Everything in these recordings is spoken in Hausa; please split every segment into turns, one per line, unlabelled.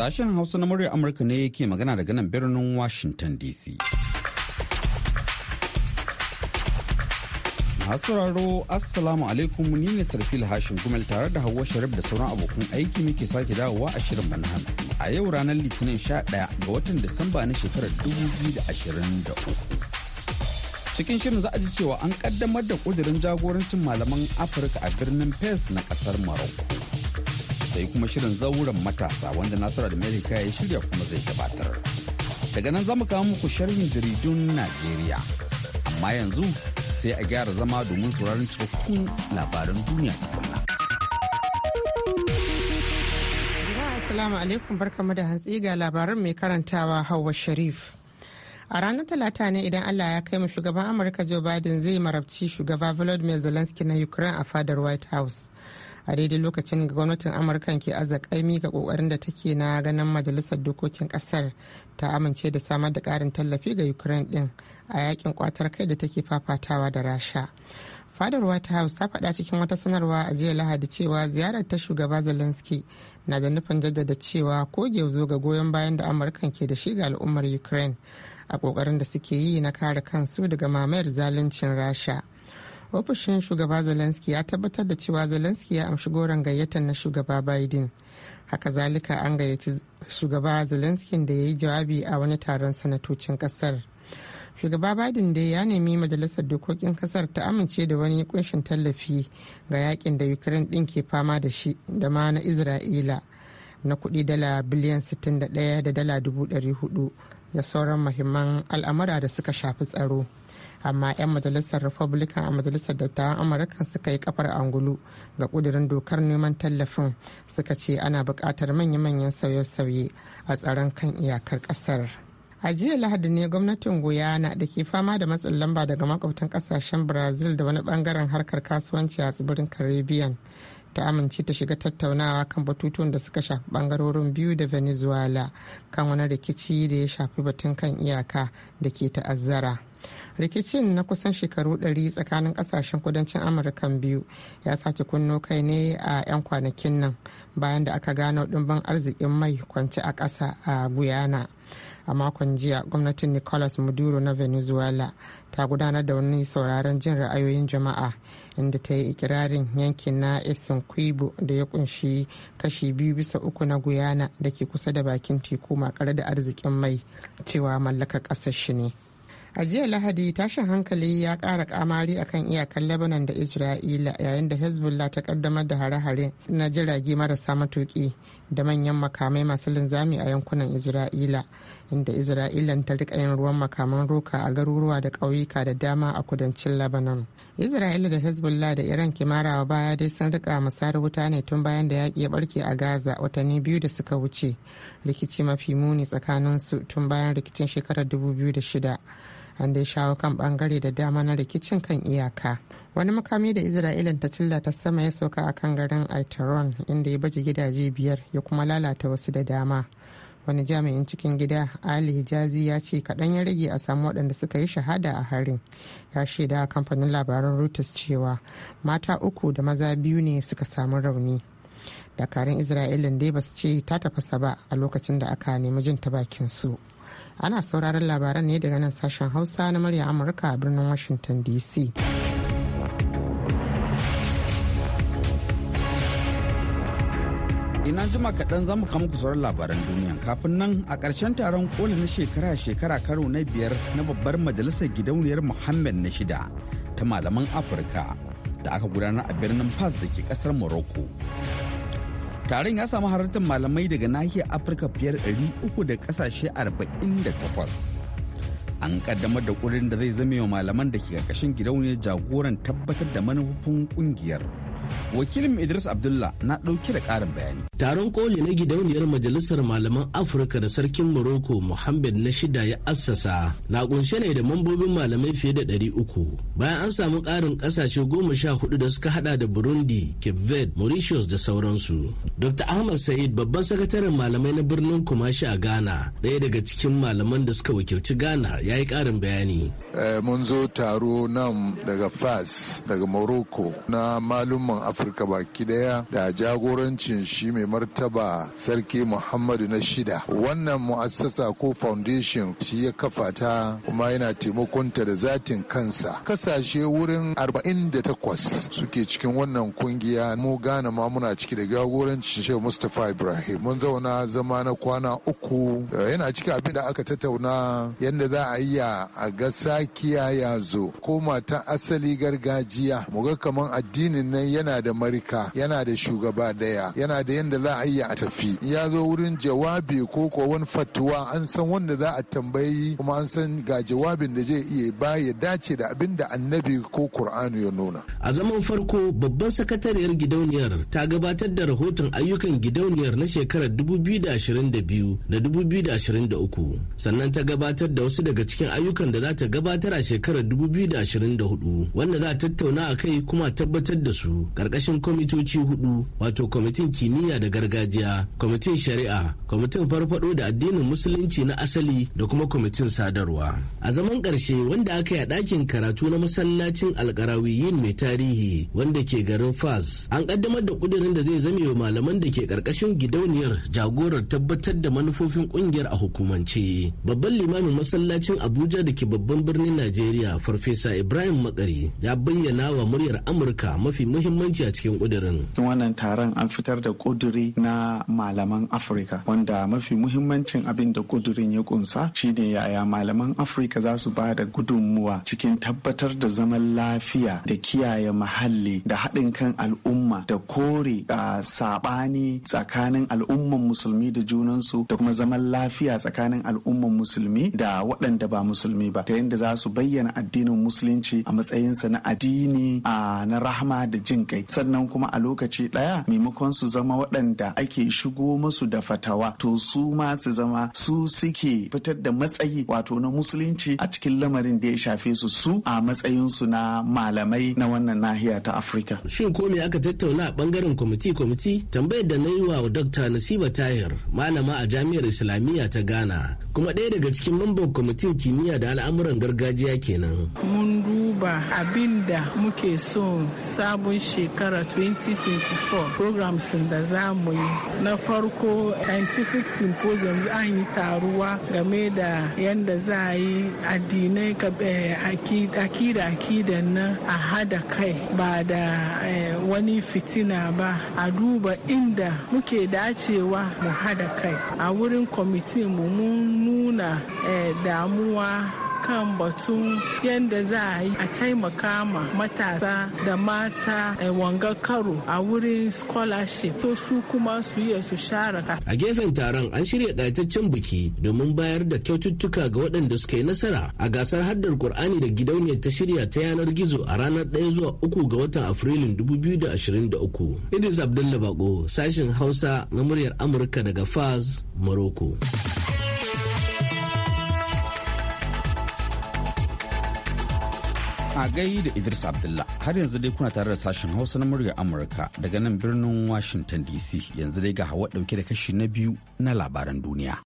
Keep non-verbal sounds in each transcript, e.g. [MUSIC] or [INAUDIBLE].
Sashen Hausa na murya Amurka ne ke magana daga nan birnin Washington DC. Masu sauraro Assalamu alaikum ni ne Sarfil Hashin Gumel tare da Hauwa Sharif da sauran abokan aiki muke sake dawowa a shirin mana A yau ranar Litinin sha 11 ga watan Disamba na shekarar da ashirin 2023. Cikin shirin za a ji cewa an kaddamar da kudirin jagorancin malaman Afirka a birnin Fes na kasar Morocco. sai kuma shirin zauren matasa wanda da Amerika ya shirya kuma zai gabatar. Daga nan za mu kawo muku sharhin jaridun Najeriya. Amma yanzu sai a gyara zama domin sauraron cikakkun labaran duniya tukunna.
Jama'a Assalamu alaikum barkamu da hantsi ga labaran mai karantawa Hauwa Sharif. a ranar talata ne idan allah ya kai mu shugaban amurka joe biden zai marabci shugaba volodymyr zelensky na ukraine a fadar white house a daidai lokacin da gwamnatin amurkan ke azakaimi ga kokarin da take na ganin majalisar dokokin kasar ta amince da samar da karin tallafi ga ukraine din a yakin kwatar kai da take fafatawa da rasha fadar white house ta faɗa cikin wata sanarwa a jiya lahadi cewa ziyarar ta shugaba zelensky na da nufin jaddada cewa ko zo ga goyon bayan da amurkan ke da shi ga al'ummar ukraine a kokarin da suke yi na kare kansu daga mamayar zaluncin rasha ofishin shugaba zelensky ya tabbatar da cewa zelensky ya amshi goron gayyatar na shugaba biden haka zalika an gayyaci shugaba zelensky da ya yi jawabi a wani taron sanatocin kasar shugaba biden da ya nemi majalisar dokokin kasar ta amince da wani kunshin tallafi ga yakin da ukraine din ke fama da shi da ma na isra'ila na kuɗi dala biliyan 61 da dala 400 da sauran mahimman al'amura da suka shafi tsaro amma 'yan majalisar republican a majalisar dattawan amurka suka yi kafar angulu ga kudirin dokar neman tallafin suka ce ana buƙatar manya-manyan sauye-sauye a tsaron kan iyakar ƙasar. a jiya lahadi ne gwamnatin guyana da ke fama da matsin lamba daga makwabtan kasashen brazil da wani bangaren harkar kasuwanci a tsibirin caribbean ta amince ta shiga tattaunawa kan batutuwan da suka shafi bangarorin biyu da venezuela kan wani rikici da ya shafi batun kan iyaka da ke ta'azzara rikicin na kusan shekaru 100 tsakanin kasashen kudancin amurkan biyu ya sake kunno kai ne a 'yan kwanakin nan bayan da aka gano dimbin arzikin mai kwanci a ƙasa a guyana a makon jiya gwamnatin nicolas maduro na venezuela ta gudanar da wani sauraron jin ra'ayoyin jama'a inda ta yi ikirarin yankin na esinquibo da ya kunshi kashi biyu bisa uku na guyana da ke kusa da bakin teku makare da arzikin mai cewa mallakar kasar shi ne a jiya lahadi tashin hankali ya kara kamari akan iyakar lebanon da isra'ila yayin da hezbollah ta kaddamar da hare-hare na jirage marasa matuki da manyan makamai masu linzami a yankunan isra'ila inda isra'ilan ta rika yin ruwan makaman roka a garuruwa da ƙauyuka da dama a kudancin lebanon isra'ila da hezbollah da iran kimarawa baya dai sun rika musayar wuta ne tun bayan da yaƙi ya barke a gaza watanni biyu da suka wuce rikici mafi muni tsakaninsu tun bayan rikicin shekarar 2006 an dai shawo kan bangare da dama na rikicin kan iyaka wani makami da isra'ilan ta cilla ta sama ya sauka a kan garin aitaron inda ya baje gidaje biyar ya kuma lalata wasu da dama wani jami'in cikin gida ali jazi ya ce kaɗan ya rage a samu waɗanda suka yi shahada a harin ya shaida a kamfanin labaran reuters cewa mata uku da maza biyu ne suka samu rauni dakarun isra'ilin dai ba su ce ta tafasa ba a lokacin da aka nemi jin ta bakin su ana sauraron labaran ne daga nan sashen hausa na murya amurka a birnin washington dc ina jima
kaɗan za mu kama kusurar labaran duniya kafin nan a ƙarshen taron koli na shekara-shekara karo na biyar na babbar majalisar gidauniyar muhammad na shida ta malaman afirka da aka gudanar a birnin fas da ke ƙasar morocco taron ya samu halartar malamai daga nahiyar afirka fiyar uku da ƙasashe arba'in da takwas an kaddamar da kurin da zai zame wa malaman da ke karkashin gidauniyar jagoran tabbatar da manufofin ƙungiyar. wakilin idris abdullah na ɗauki da ƙarin
bayani taron koli na gidauniyar majalisar malaman afirka da sarkin morocco muhammed na shida ya assasa na kunshe ne da mambobin malamai fiye da ɗari uku bayan an samu ƙarin ƙasashe goma sha hudu da suka haɗa da burundi cape verde mauritius da sauransu dr ahmad sa'id babban sakataren malamai na birnin kumashi a ghana ɗaya daga cikin malaman da suka wakilci ghana
ya yi ƙarin bayani eh, mun zo taro nan daga fas daga morocco na malumman afirka baki daya da jagorancin shi mai martaba sarki muhammadu na shida wannan mu'assasa ko foundation shi ya kafa ta kuma yana taimakonta da zatin kansa kasashe wurin 48 suke cikin wannan kungiya mu gane ma muna ciki da jagorancin shi mustapha ibrahim mun zauna zama na kwana uku yana cikin abin da aka tattauna yadda za a yi a ga sakiya ya zo ko mata asali gargajiya mu ga kamar addinin nan yana yana da marika yana da shugaba daya yana da yadda za a yi a tafi ya zo wurin jawabi ko ko wani fatuwa an san wanda za a tambayi kuma an san ga jawabin da zai iya ba ya dace da abin da annabi ko kur'anu ya nuna a
zaman farko babban sakatariyar gidauniyar ta gabatar da rahoton ayyukan gidauniyar na shekarar 2022 da 2023 sannan ta gabatar da wasu daga cikin ayyukan da za ta gabatar a shekarar 2024 wanda za a tattauna a kai kuma tabbatar da su ƙarƙashin kwamitoci hudu wato kwamitin kimiyya da gargajiya kwamitin shari'a kwamitin farfado da addinin musulunci na asali da kuma kwamitin sadarwa a zaman ƙarshe wanda aka yi a ɗakin karatu na masallacin alkarawiyin mai tarihi wanda ke garin fas an ƙaddamar da ƙudurin da zai zame wa malaman da ke ƙarƙashin gidauniyar jagorar tabbatar da manufofin ƙungiyar a hukumance babban limamin masallacin abuja da ke babban birnin najeriya farfesa ibrahim makari ya bayyana wa muryar amurka mafi muhimmanci muhimmanci a cikin kudirin.
Cikin wannan taron an fitar da kuduri na malaman Afirka wanda mafi muhimmancin abin da kudurin ya kunsa shine yaya malaman Afirka za su ba da gudunmuwa cikin tabbatar da zaman lafiya da kiyaye muhalli da haɗin kan al'umma da kore a saɓani tsakanin al'umman musulmi da junansu da kuma zaman lafiya tsakanin al'umman musulmi da waɗanda ba musulmi ba ta yadda za su bayyana addinin musulunci a matsayinsa na addini a na rahama da jin kai sannan kuma a lokaci ɗaya maimakon su zama waɗanda ake shigo musu da fatawa to su ma su zama su suke fitar da matsayi wato na musulunci a cikin lamarin da ya shafe su su a matsayinsu na malamai na wannan nahiya ta afirka
shin ko me aka tattauna a bangaren kwamiti kwamiti tambayar da na yi wa dokta nasiba tahir malama a jami'ar islamiyya ta ghana kuma ɗaya daga cikin mamban kwamitin kimiyya da al'amuran gargajiya kenan mun duba abinda da muke so sabon shekara 2024 programs da za mu yi na farko scientific symposium an yi taruwa game da yadda za a yi addinai eh, akida akida na a hada kai ba da eh, wani fitina ba a duba inda muke dacewa mu hada kai a wurin kwamitin mu mun nuna eh, damuwa kan batun yadda za a yi a taimaka ma matasa da mata a eh, wanga karo a wurin scholarship to su kuma su iya su share ka. A gefen taron an shirya ƙayataccen biki domin bayar da kyaututtuka ga waɗanda suka yi nasara a gasar haddar Kur'ani da gidauniyar ta shirya ta yanar gizo a ranar 1 zuwa 3 ga watan Afrilun 2023. Idris Abdullahi Bako sashen Hausa na muryar Amurka daga Faz, Morocco. a gai da idris abdullah har yanzu dai kuna
tare da sashen hausa na murya amurka daga nan birnin washington dc yanzu dai ga hawa dauke da kashi na biyu na labaran duniya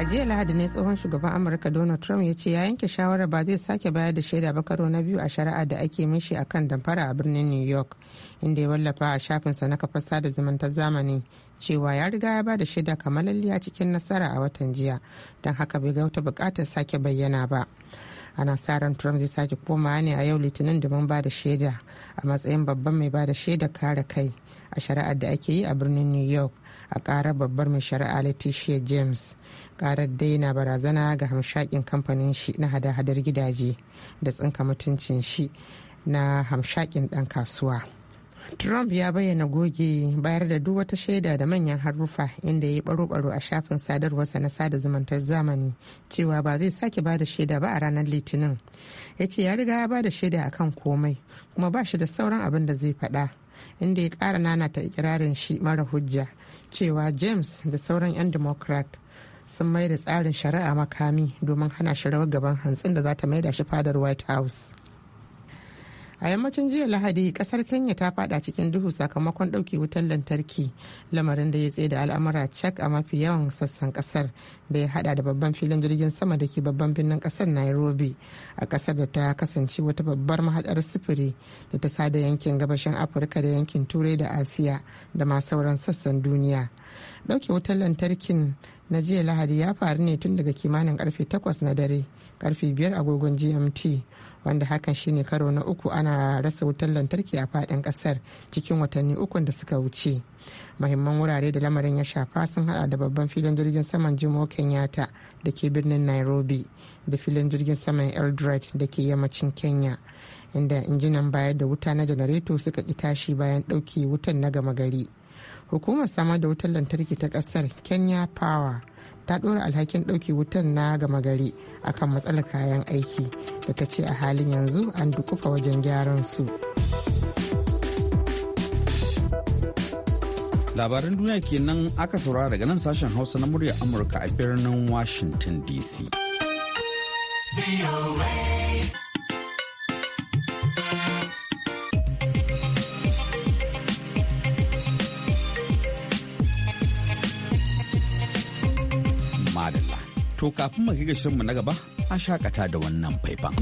a jiya lahadi ne tsohon shugaban amurka donald trump ya ce ya yanke shawarar ba zai sake bayar da shaida ba karo na biyu a shari'a da ake mishi akan damfara a birnin new york inda ya wallafa a shafinsa na kafar sada zumunta zamani cewa ya riga ya ba da shaida lalliya cikin nasara a watan jiya don haka bai ga wata bukatar sake bayyana ba ana sa ran trump zai sake koma ne a yau litinin domin ba da shaida a matsayin babban mai ba da shaida kare kai a shari'ar da ake yi a birnin new york a karar babbar mai shari'a letitia james karar dai na barazana ga hamshakin kamfanin shi na hada-hadar gidaje da tsinka mutuncin shi na hamshakin dan kasuwa. Trump ya bayyana goge bayar da duk wata shaida da manyan haruffa inda ya yi baro-baro a shafin sadarwarsa na sada zumuntar zamani cewa ba zai sake ba da shaida ba a ranar litinin. Ya ce ya riga ya ba da shaida a kan komai kuma ba shi da sauran abin da zai faɗa. inda ya kara ƙara ta ikirarin shi mara hujja cewa james da sauran 'yan democrat sun mai da tsarin shari'a makami domin hana shi rawar gaban hantsin da za ta mai da shi fadar white house a yammacin jiya lahadi kasar kenya ta fada cikin duhu sakamakon dauki wutar lantarki lamarin da ya tsaye da al'amura cak a mafi yawan sassan kasar da ya hada da babban filin jirgin sama da ke babban birnin kasar nairobi a kasar da ta kasance wata babbar mahadar sufuri da ta sada yankin gabashin afirka da yankin turai da asiya da ma sauran sassan duniya dauke wutar lantarkin na jiya lahadi ya faru ne tun daga kimanin karfe 8 na dare karfe 5 agogon gmt wanda hakan shine karo na uku ana rasa wutar lantarki a fadin kasar cikin watanni ukun da suka wuce mahimman wurare da lamarin ya shafa sun hada da babban filin jirgin saman jimo kenyatta da ke birnin nairobi da filin jirgin saman eldred da ke yammacin kenya inda injinan bayar da wuta na janareto suka ki tashi bayan ɗauke wutan na gama gari hukumar samar da wutar lantarki ta kasar kenya power ta ɗora alhakin ɗauki wutan na gama gari akan matsalar kayan aiki da ta ce a halin yanzu an dukufa wajen gyaran su.
labaran duniya kenan aka saurara daga nan sashen hausa na murya amurka a birnin washington dc To kafin mu ga mu na gaba a shakata da wannan faifan.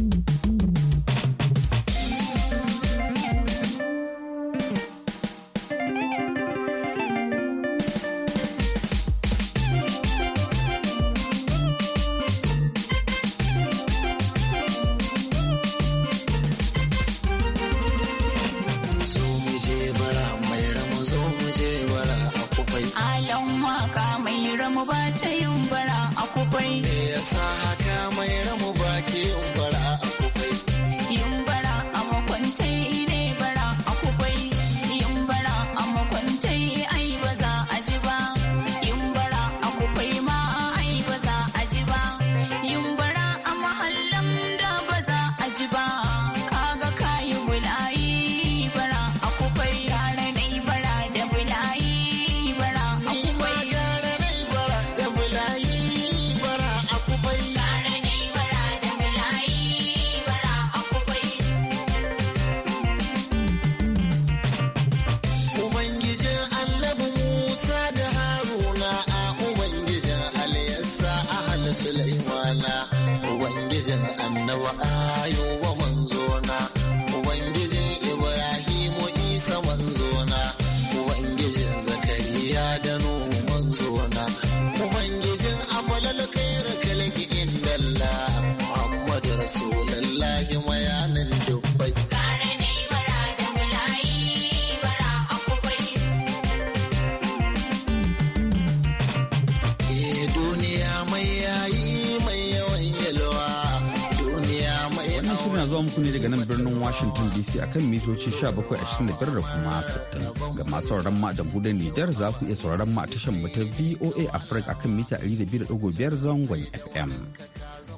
a akan mitoci 1725 da kuma 60. Ga masu sauraron ma jamhuriyar Nijar za ku iya sauraron ma a mu ta VOA Africa akan mita 200.5 zangon FM.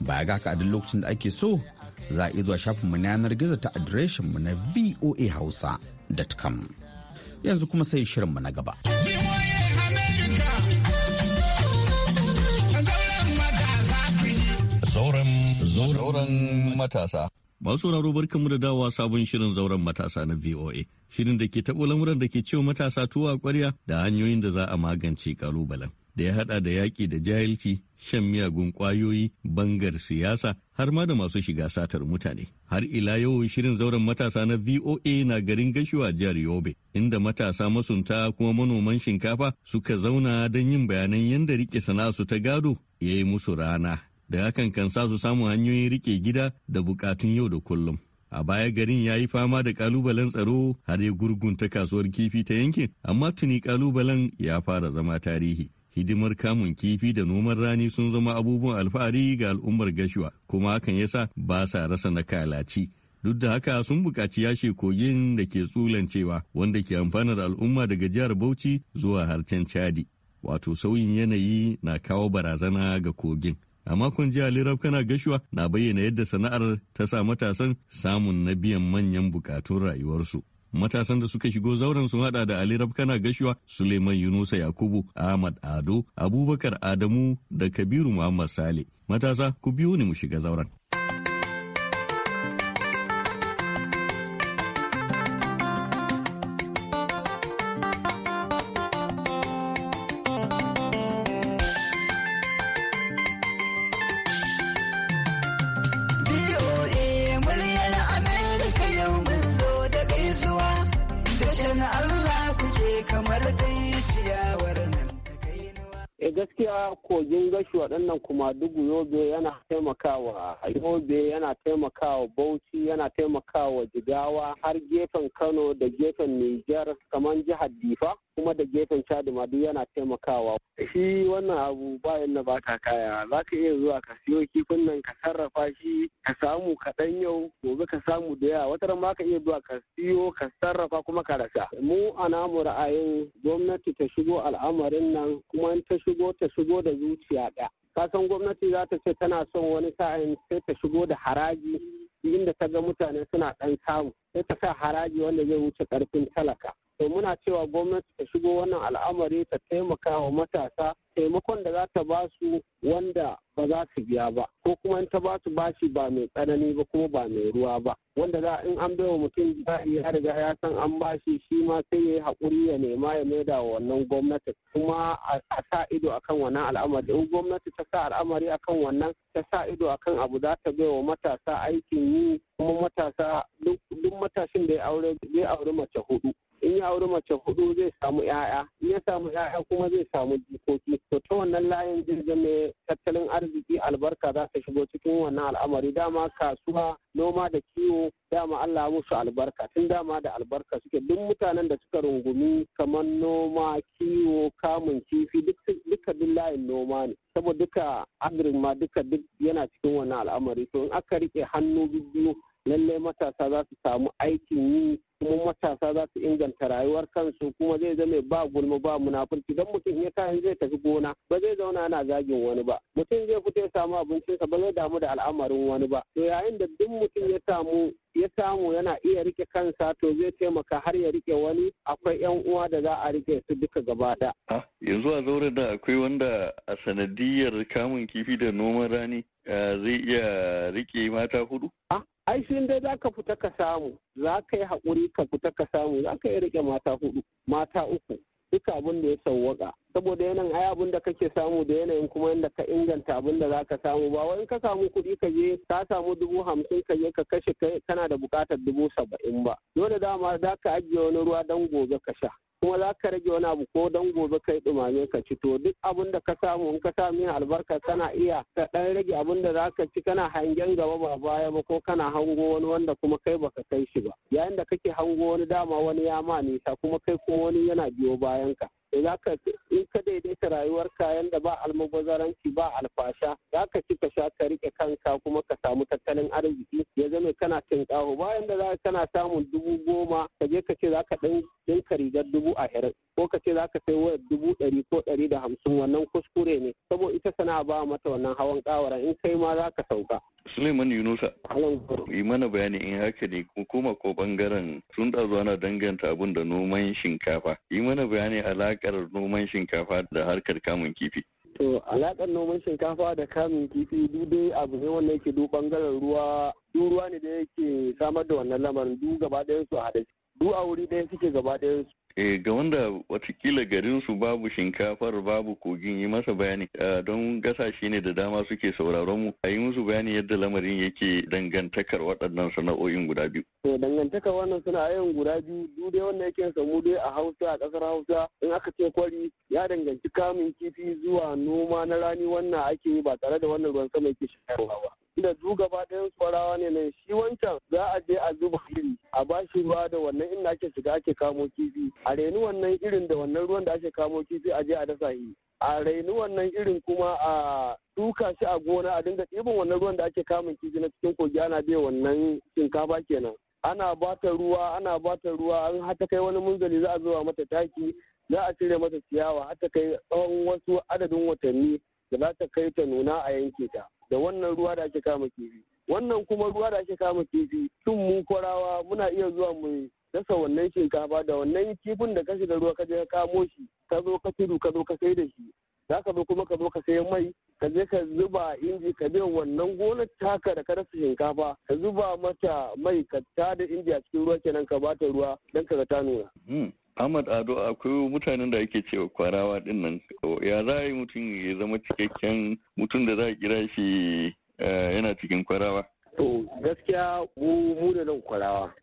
Baya ga haka a duk lokacin da ake so za a iya zuwa shafin mu na yanar gizo ta adireshin mu na voahausa.com. Yanzu kuma sai shirin mu
na gaba. zauren matasa. Masu sauraro barkanmu da dawowa sabon shirin zauren matasa na VOA. Shirin da ke taɓo lamuran da ke cewa matasa tuwa ƙwarya da hanyoyin da za a magance ƙalubalen. Da ya haɗa da yaƙi da jahilci, shan miyagun ƙwayoyi, bangar siyasa, har ma da masu shiga satar mutane. Har ila yau shirin zauren matasa na VOA na garin gashuwa jihar Yobe, inda matasa masunta kuma manoman shinkafa suka zauna don yin bayanan yadda riƙe su ta gado ya yi musu rana da hakan kan sa su samu hanyoyin rike gida da bukatun yau da kullum. A baya garin ya yi fama da kalubalen tsaro har ya gurgunta kasuwar kifi ta yankin, amma tuni kalubalen ya fara zama tarihi. Hidimar kamun kifi da noman rani sun zama abubuwan alfahari ga al'ummar gashuwa, kuma hakan yasa ba sa rasa na kalaci. Duk da haka sun buƙaci yashe kogin da ke tsulancewa wanda ke amfanar al'umma daga jihar Bauchi zuwa harcen Chadi. Wato sauyin yanayi na kawo barazana ga kogin. a makon jiya lirab kana gashuwa na bayyana yadda sana'ar ta sa matasan samun na biyan manyan bukatun rayuwarsu matasan da suka shigo zauren sun hada da Ali Rabkana Gashuwa, Suleiman Yunusa Yakubu, Ahmad Ado, Abubakar Adamu da Kabiru Muhammad Sale. Matasa ku biyo ni mu shiga zauren.
kamar dai ciyawar
gaskiya kogin gashi waɗannan kuma dugu yobe yana taimakawa yobe yana taimakawa bauchi yana taimakawa jigawa har gefen kano da gefen nijar kamar jihar difa kuma da gefen chadi duk yana taimakawa shi wannan abu bayan na ba ta kaya za ka iya zuwa ka siyo kifin nan ka sarrafa shi ka samu kaɗan yau gobe ka samu da yawa wata ma ka iya zuwa ka siyo ka sarrafa kuma ka rasa mu a namu ra'ayin gwamnati ta shigo al'amarin nan kuma in ta shigo shigo ta shigo da zuciya ɗaya kasan gwamnati za ta ce tana son wani sa'in sai ta shigo da haraji inda ta ga mutane suna ɗan samu sai ta sa haraji wanda zai wuce ƙarfin talaka to muna cewa gwamnati ta shigo wannan al'amari ta taimaka wa matasa taimakon da za ta ba su wanda ba za su biya ba ko kuma in ta ba su bashi ba mai tsanani ba kuma ba mai ruwa ba wanda za in an baiwa mutum jari ya riga ya san an bashi shi ma sai ya yi haƙuri ya nema ya maida wa wannan gwamnati kuma a sa ido akan wannan al'amari in gwamnati ta sa al'amari akan wannan ta sa ido akan abu za ta baiwa matasa aikin yi kuma matasa duk matashin da ya aure zai aure mace hudu in ya aure mace hudu zai samu 'ya'ya in ya samu 'ya'ya kuma zai samu jikoki to ta wannan layin jirgin ne tattalin arziki albarka za ta shigo cikin wannan al'amari dama kasuwa noma da kiwo dama Allah musu albarka tun dama da albarka suke duk mutanen da suka rungumi kamar noma kiwo kamun kifi duka duk layin noma ne saboda duka agrin ma duka duk yana cikin wannan al'amari to in aka rike hannu biyu lallai matasa za su samu aikin yi kuma matasa za su inganta rayuwar kansu kuma zai zama ba gulma ba munafurci don mutum ya kayan zai tafi gona ba zai zauna ana zagin wani ba mutum zai fita ya samu abincinsa ba zai damu da al'amarin wani ba to yayin da duk mutum ya samu ya samu yana iya rike kansa to zai taimaka har ya rike wani akwai yan uwa da za a rike su duka gaba da ah,
yanzu a zaure da akwai wanda a sanadiyar kamun kifi da noman rani ah, zai iya rike mata hudu
ah, ai sai dai za ka fita ka samu za ka yi haƙuri ka fita ka samu za ka yi riƙe mata hudu mata uku duka abin da ya sauwaƙa saboda yanayin ai abin da kake samu da yanayin kuma yadda ka inganta abin da zaka samu ba wai in ka samu kuɗi ka je ka samu dubu hamsin ka je ka kashe kai kana da buƙatar dubu saba'in ba dole dama za ka ajiye wani ruwa don gobe ka sha kuma za ka rage wani abu ko don gobe kai dumame ka ci to duk abin da ka samu in ka samu albarka kana iya ka dan rage abin da za ka ci kana hangen gaba ba baya ba ko kana hango wani wanda kuma kai baka kai shi ba yayin da kake hango wani dama wani ya ma nisa kuma kai ko wani yana biyo bayan ka zaka in ka daidaita rayuwarka yadda ba almubazaranci ba alfasha zaka ci ka sha ka rike kanka kuma ka samu tattalin arziki ya zama kana cin tinkaho bayan da zaka kana samun dubu goma ka je ka ce zaka dinka rigar dubu a ashirin ko ka ce zaka sai wayar dubu ɗari ko ɗari da hamsin wannan kuskure ne saboda ita sana'a ba mata wannan hawan kawara in kai ma zaka sauka
Suleiman Yunusa. Yi mana bayani in haka ne kuma ko bangaren sun ɗazu ana danganta abin da noman shinkafa. Yi mana bayani alakar noman shinkafa da harkar kamun kifi.
To alakar noman shinkafa da kamun kifi duk dai abu ne wanda yake duk bangaren ruwa duk ruwa ne da yake samar da wannan lamarin duk gaba ɗayan su a hada. Duk a wuri ɗaya suke gaba ɗayan su.
Eh, ga wanda watakila garinsu babu shinkafar babu kogin yi masa bayani eh, don gasashe ne da dama suke sauraron mu a yi musu bayani yadda lamarin yake dangantakar waɗannan sana'o'in guda
biyu. to dangantakar wannan sana'o'in guda biyu duk dai wanda yake samu dai a hausa a ƙasar hausa in aka ce kwari ya danganci kamun kifi zuwa noma na rani wannan ake yi ba tare da wannan ruwan sama yake shayarwa ba. da du gaba ɗayan tsarawa ne nan shi wancan za a je a zuba iri a bashi ruwa da wannan inda ake shiga ake kamo kifi a raini wannan irin da wannan ruwan da ake kamo kifi a je a dasa shi a raini wannan irin kuma a duka shi a gona a dinga ɗiban wannan ruwan da ake kamun kifi na cikin kogi ana bai wannan shinkafa kenan ana bata ruwa ana bata ruwa an hata kai wani munzali za a zuba mata taki za a cire mata ciyawa hata kai tsawon wasu adadin watanni da za ta kai ta nuna a yanke ta da wannan ruwa da ake kama kifi wannan kuma ruwa da ake kama kifi tun mu kwarawa muna iya zuwa mu dasa wannan shinkafa da wannan kifin da ka da ruwa ka je ka kamo shi ka zo ka tudu ka zo ka sai da shi za ka zo kuma ka zo ka sayi mai ka je ka zuba inji ka je wannan gonar taka da ka rasa shinkafa ka zuba mata mai ka da inji a cikin ruwa kenan ka bata ruwa dan ka ga ta nuna.
Hmm. Ahmad Ado akwai mutanen da ake cewa kwarawa din nan ya za a yi mutum ya zama cikakken mutum da za a kira shi eh, yana cikin kwarawa.
To gaskiya mu da nan kwarawa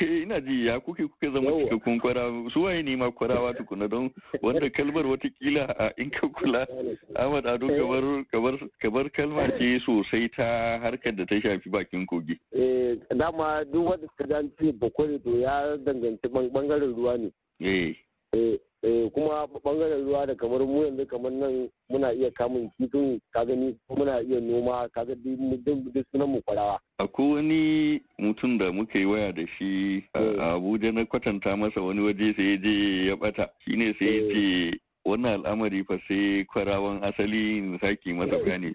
Eh, ina ji ya kuke kuke zama cikakkun kwara su waye ne ma kwarawa tukuna don wanda kalmar watakila a in ka kula Ahmad Ado kabar kalma ce sosai ta harkar da ta shafi bakin kogi
eh dama duk wanda ka dan ce bakwai to ya danganci bangaren ruwa ne eh Eh, eh, kuma bangaren ruwa da kamar mu yanzu kamar nan muna iya kamun kifin ka gani muna iya noma ka ga duk sunan mu kwarawa
akwai wani mutum da muka yi waya da shi a eh. abuja na kwatanta masa wani waje sai je ya bata shine sai ya ce wannan al'amari fa sai kwarawan asali in saki masa bayani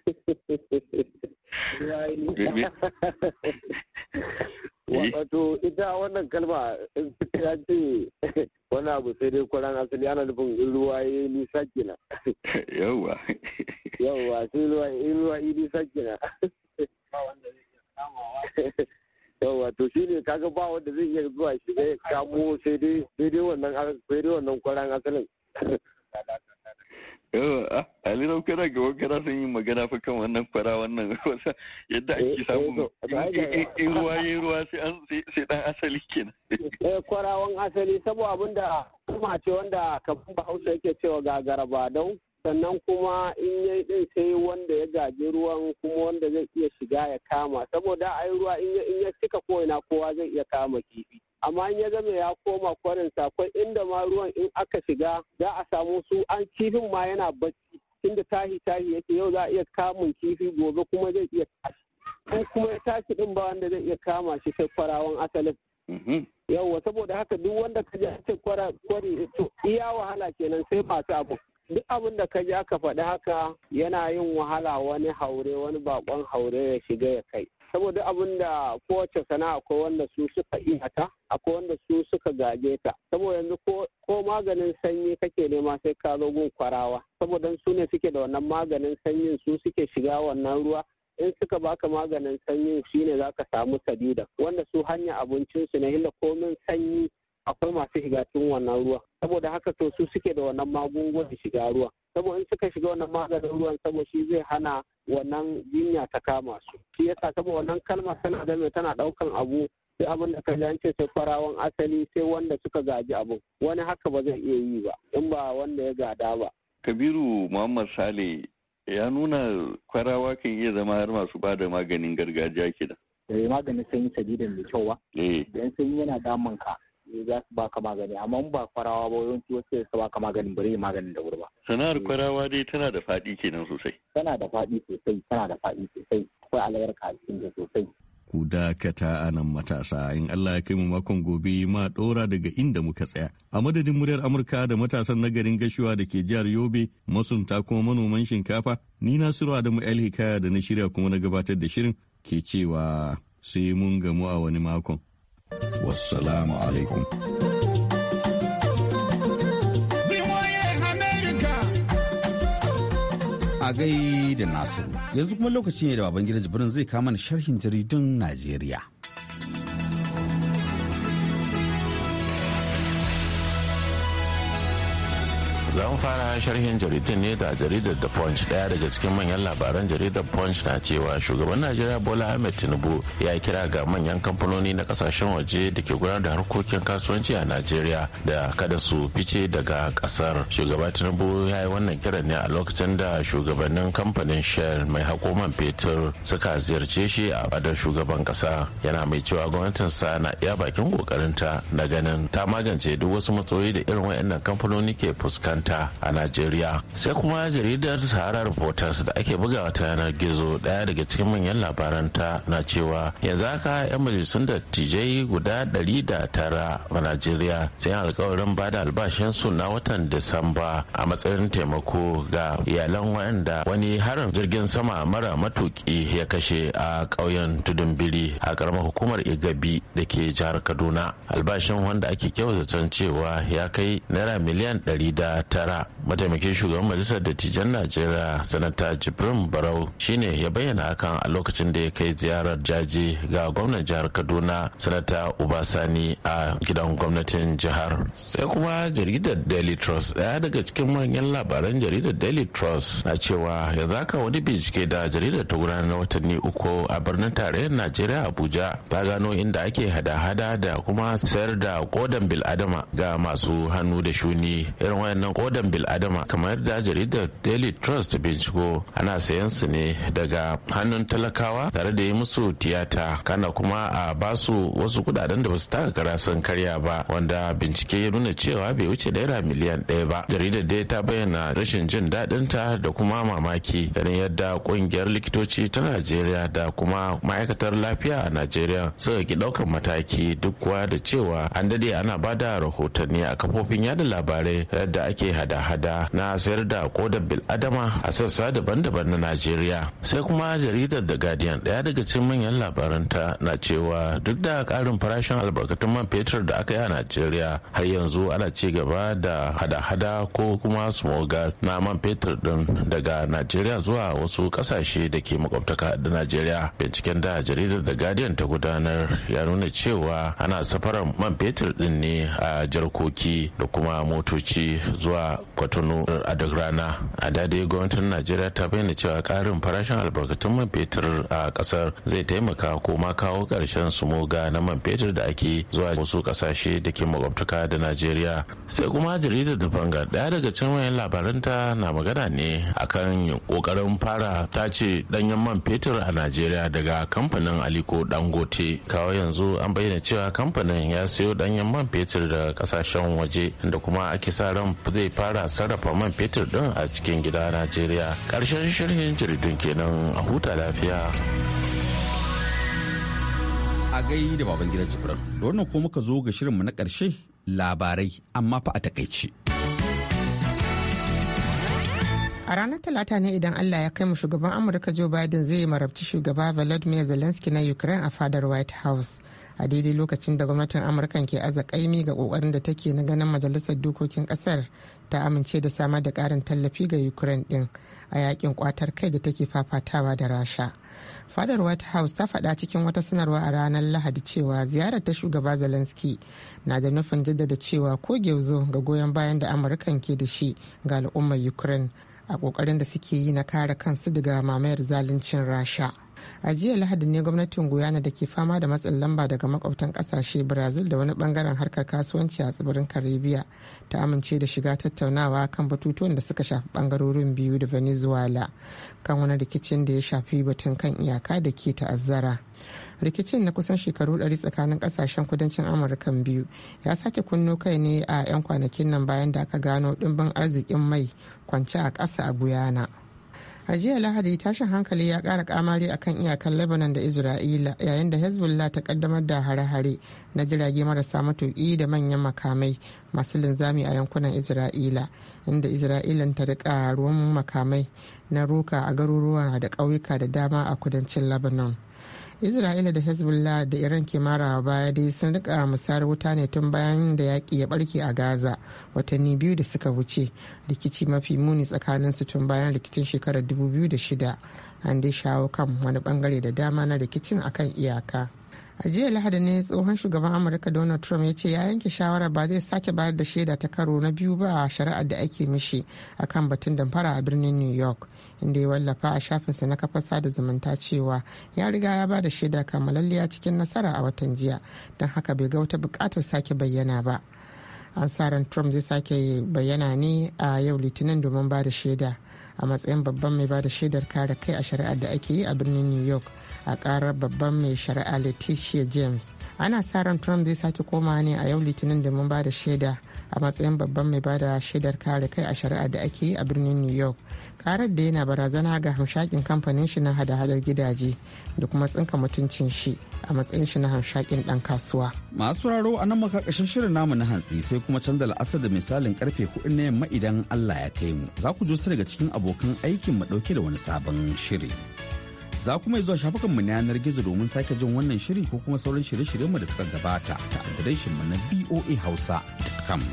[LAUGHS] wato ita wannan kalma ya ce wani abu sai dai kwaran asali ana nufin in ruwa ya yi nisa kina yawwa yawwa sai ruwa in ruwa yi nisa kina yawwa to shi ne kaga ba wanda zai iya zuwa shi ne kamo sai dai wannan kwaran asalin
yawa ah, halina kana ga kana son yi magana fa kan wannan fara wannan wasa yadda ake eh, samu eh, in ruwa ya ruwa sai an sai dan asali kenan
eh kwarawan asali saboda abinda kuma ce wanda kafin Bahaushe yake cewa gagara ba don sannan kuma in yi din sai wanda ya gaji ruwan kuma wanda zai iya shiga ya kama saboda ayi ruwa in ya cika ko ina kowa zai iya kama kifi amma in ya zama ya koma kwarinsa akwai inda ma ruwan in aka shiga za a samu su an kifin ma yana bacci inda tahi tahi yake yau za a iya kamun kifi gobe kuma zai iya tashi in kuma ya tashi din ba wanda zai iya kama shi sai kwarawan asalin mm-hmm. yauwa saboda haka duk wanda ka ji ce kwari to iya wahala kenan sai masu abu duk abin da ka ji aka faɗi haka yana yin wahala wani haure wani bakon haure ya shiga ya kai saboda abin da kowace sana'a akwai wanda su suka iya akwai wanda su suka gaje ta saboda yanzu ko maganin sanyi kake nema sai ka zo gun kwarawa saboda su ne suke da wannan maganin sanyin su suke shiga wannan ruwa in suka baka maganin sanyin shi ne za ka samu sadida wanda su hanya abincinsu na hila komin sanyi akwai masu shiga cikin wannan ruwa saboda haka to su suke da wannan magungunan shiga ruwa saboda in suka shiga wannan maganin ruwan saboda shi zai hana wannan jinya ta kama su shi yasa saboda wannan kalmar tana da tana daukan abu sai abin da ka ce sai farawan asali sai wanda suka gaji abin wani haka ba zai iya yi ba in ba wanda ya gada ba
kabiru muhammad sale ya nuna kwarawa kan iya zama har masu ba da maganin gargajiya kenan
eh maganin sanyi sabida mai kyau ba eh dan sanyi yana damun ka za su baka magani amma ba kwarawa ba yawanci wasu su baka maganin bari maganin da wuri ba
sana'ar eh. kwarawa dai tana da faɗi kenan sosai
tana da faɗi sosai tana da faɗi sosai akwai albarka a cikin da sosai
ku dakata a nan matasa in Allah ya kai mu makon gobe ma ɗora daga inda muka tsaya. A madadin muryar Amurka da matasan nagarin gashuwa da ke jihar Yobe, masunta kuma manoman shinkafa, ni Nasiru Adamu El Hikaya da na shirya kuma na gabatar da shirin ke cewa sai mun gamu a wani makon. Wassalamu alaikum.
A gai da Nasiru, yanzu kuma lokaci ne da Babangida Jibrin zai kama sharhin jaridun Najeriya.
za mu fara sharhin jaridar ne da jaridar the punch daya daga cikin manyan labaran jaridar punch na cewa shugaban najeriya bola ahmed tinubu ya kira ga manyan kamfanoni na kasashen waje da ke gudanar da harkokin kasuwanci a najeriya da kada su fice daga kasar shugaba tinubu ya yi wannan kiran ne a lokacin da shugabannin kamfanin shell mai hakoman fetur suka ziyarce shi a fadar shugaban kasa yana mai cewa gwamnatinsa na iya bakin kokarinta na ganin ta magance duk wasu matsaloli da irin waɗannan kamfanoni ke fuskanta ta a najeriya sai kuma jaridar sahara reporters da ake bugawa ta yanar gizo daya daga cikin manyan labaran ta na cewa yanzu haka 'yan majalisun dattijai guda da tara a najeriya sai alkawarin ba da albashin su na watan disamba a matsayin taimako ga iyalan wanda wani harin jirgin sama mara matuki ya kashe a ƙauyen tudun biri a ƙaramar hukumar igabi da ke jihar kaduna albashin wanda ake kyau zaton cewa ya kai naira miliyan tara. tara mataimakin shugaban majalisar dattijan najeriya sanata jibrin barau shine ya bayyana hakan a lokacin da ya kai ziyarar jaji ga gwamnan jihar kaduna sanata ubasani a gidan gwamnatin jihar sai kuma jaridar daily trust daya daga cikin manyan labaran jaridar daily trust na cewa ya zaka wani bincike da jaridar ta gudanar watanni uku a birnin tarayyar najeriya abuja ta gano inda ake hada-hada da kuma sayar da kodan bil'adama ga masu hannu da shuni irin wayannan kodan biladama kamar yadda jaridar daily trust binciko ana sayan su ne daga hannun talakawa tare da yi musu tiyata kana kuma a basu wasu kudaden da basu taka kara sun karya ba wanda bincike ya nuna cewa bai wuce naira miliyan ɗaya ba jaridar dai ta bayyana rashin jin daɗin ta da kuma mamaki ganin yadda ƙungiyar likitoci ta najeriya da kuma ma'aikatar lafiya a najeriya suka ki ɗaukan mataki duk kuwa da cewa an dade ana ba da rahotanni a kafofin yada labarai yadda ake hada-hada na sayar da kodar bil'adama a sassa daban-daban na najeriya sai kuma jaridar the guardian daya daga cikin manyan labaranta na cewa duk da karin farashin albarkatun man fetur da aka yi a najeriya har yanzu ana ci gaba da hada-hada ko kuma smoga na man fetur din daga najeriya zuwa wasu kasashe da ke makwabtaka da najeriya binciken da jaridar the guardian ta gudanar ya nuna cewa ana safarar man fetur din ne a jarkoki da kuma motoci zuwa zuwa kwatano a duk rana a dadai gwamnatin najeriya ta bayyana cewa karin farashin albarkatun man fetur a kasar zai taimaka ko ma kawo karshen sumoga na man fetur da ake zuwa wasu kasashe da ke makwabtaka da najeriya sai kuma jaridar da fanga daya daga cikin wayan labaranta na magana ne akan kokarin fara tace danyen man fetur a najeriya daga kamfanin aliko dangote kawo yanzu an bayyana cewa kamfanin ya sayo danyen man fetur daga kasashen waje da kuma ake sa ran zai zai fara sarrafa man fetur din a cikin gida najeriya karshen shirin jaridun kenan a huta lafiya a gai da baban gida
jibran da wannan ko muka zo ga shirinmu na karshe labarai amma fa a takaice
a ranar talata ne idan allah ya kai mu shugaban amurka joe biden zai marabci shugaba volodymyr zelensky na ukraine a fadar white house a daidai lokacin da gwamnatin amurkan ke aza kaimi ga kokarin da take na ganin majalisar dokokin kasar ta amince da samar da karin tallafi ga ukraine din a yakin kwatar kai da take fafatawa da rasha fadar white house ta faɗa cikin wata sanarwa a ranar lahadi cewa ziyarar ta shugaba zelensky na da nufin jaddada cewa ko gyauzo ga goyon bayan da amurkan ke da shi ga al'ummar ukraine a kokarin da suke yi na kare kansu daga mamayar zaluncin rasha a jiya lahadi ne gwamnatin guyana da ke fama da matsin lamba daga makwabtan kasashe brazil da wani bangaren harkar kasuwanci a tsibirin caribbean ta amince da shiga tattaunawa kan batutuwan da suka shafi bangarorin biyu da venezuela kan wani rikicin da ya shafi batun kan iyaka da ke ta'azzara rikicin na kusan shekaru 100 tsakanin kasashen kudancin amurka biyu ya sake kunno kai ne a 'yan kwanakin nan bayan da aka gano dimbin arzikin mai kwance a ƙasa a guyana a jiya lahadi tashin hankali ya kara kamari akan iyakan lebanon da isra'ila yayin da hezbollah ta kaddamar da hare-hare na jirage marasa matuki da manyan makamai masu linzami a yankunan isra'ila inda isra'ila ta rika ruwan makamai na ruka a garuruwa da ƙauyuka da dama a kudancin lebanon isra'ila da hezbollah da iran ke marawa baya dai sun rika musayar wuta ne tun bayan da yaƙi ya barke a gaza watanni biyu da suka wuce rikici mafi muni tsakanin su tun bayan rikicin shekarar 2006 an dai shawo kan wani bangare da dama na rikicin akan iyaka a jiya lahadi ne tsohon shugaban amurka donald trump ya ce ya yanke shawara ba zai sake bayar da shaida ta karo na biyu ba a shari'ar da ake mishi akan batun damfara a birnin new york inda ya wallafa a shafinsa na kafar sada zumunta cewa ya riga ya bada da shaida lalliya cikin nasara a watan jiya don haka bai ga wata bukatar sake bayyana ba an sa ran trump zai sake bayyana ne a yau litinin domin ba shaida a matsayin babban mai bada shaidar kare kai a shari'ar da ake yi a birnin new york a karar babban mai shari'a leticia james ana sa ran trump zai sake koma ne a yau litinin domin bada shaida a matsayin babban mai bada shaidar kare kai a shari'a da ake yi a birnin new york karar da yana barazana ga hamshakin kamfanin shi na hada-hadar gidaje da kuma tsinka mutuncin shi a matsayin shi na hamshakin dan kasuwa
masu raro a nan makakashin shirin namu na hantsi sai kuma canza la'asar da misalin karfe kuɗi na yamma idan allah ya kai mu za ku jo daga cikin abokan aikin mu dauke da wani sabon shiri za kuma zuwa shafukanmu na yanar gizo domin sake jin wannan shirin ko kuma sauran shirye-shiryenmu da suka gabata ta adireshinmu na voahausa.com.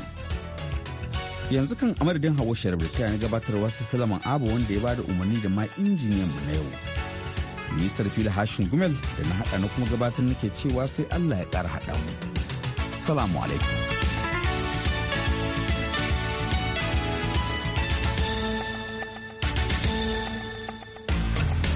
Yanzu kan amadadin hawa da na gabatarwa su salaman abu wanda ya bada umarni da ma injiniyan mu na yau. Nisar fili hashin gumel da na haɗa na kuma gabatar nake cewa sai Allah ya ƙara haɗa mu. Salamu alaikum.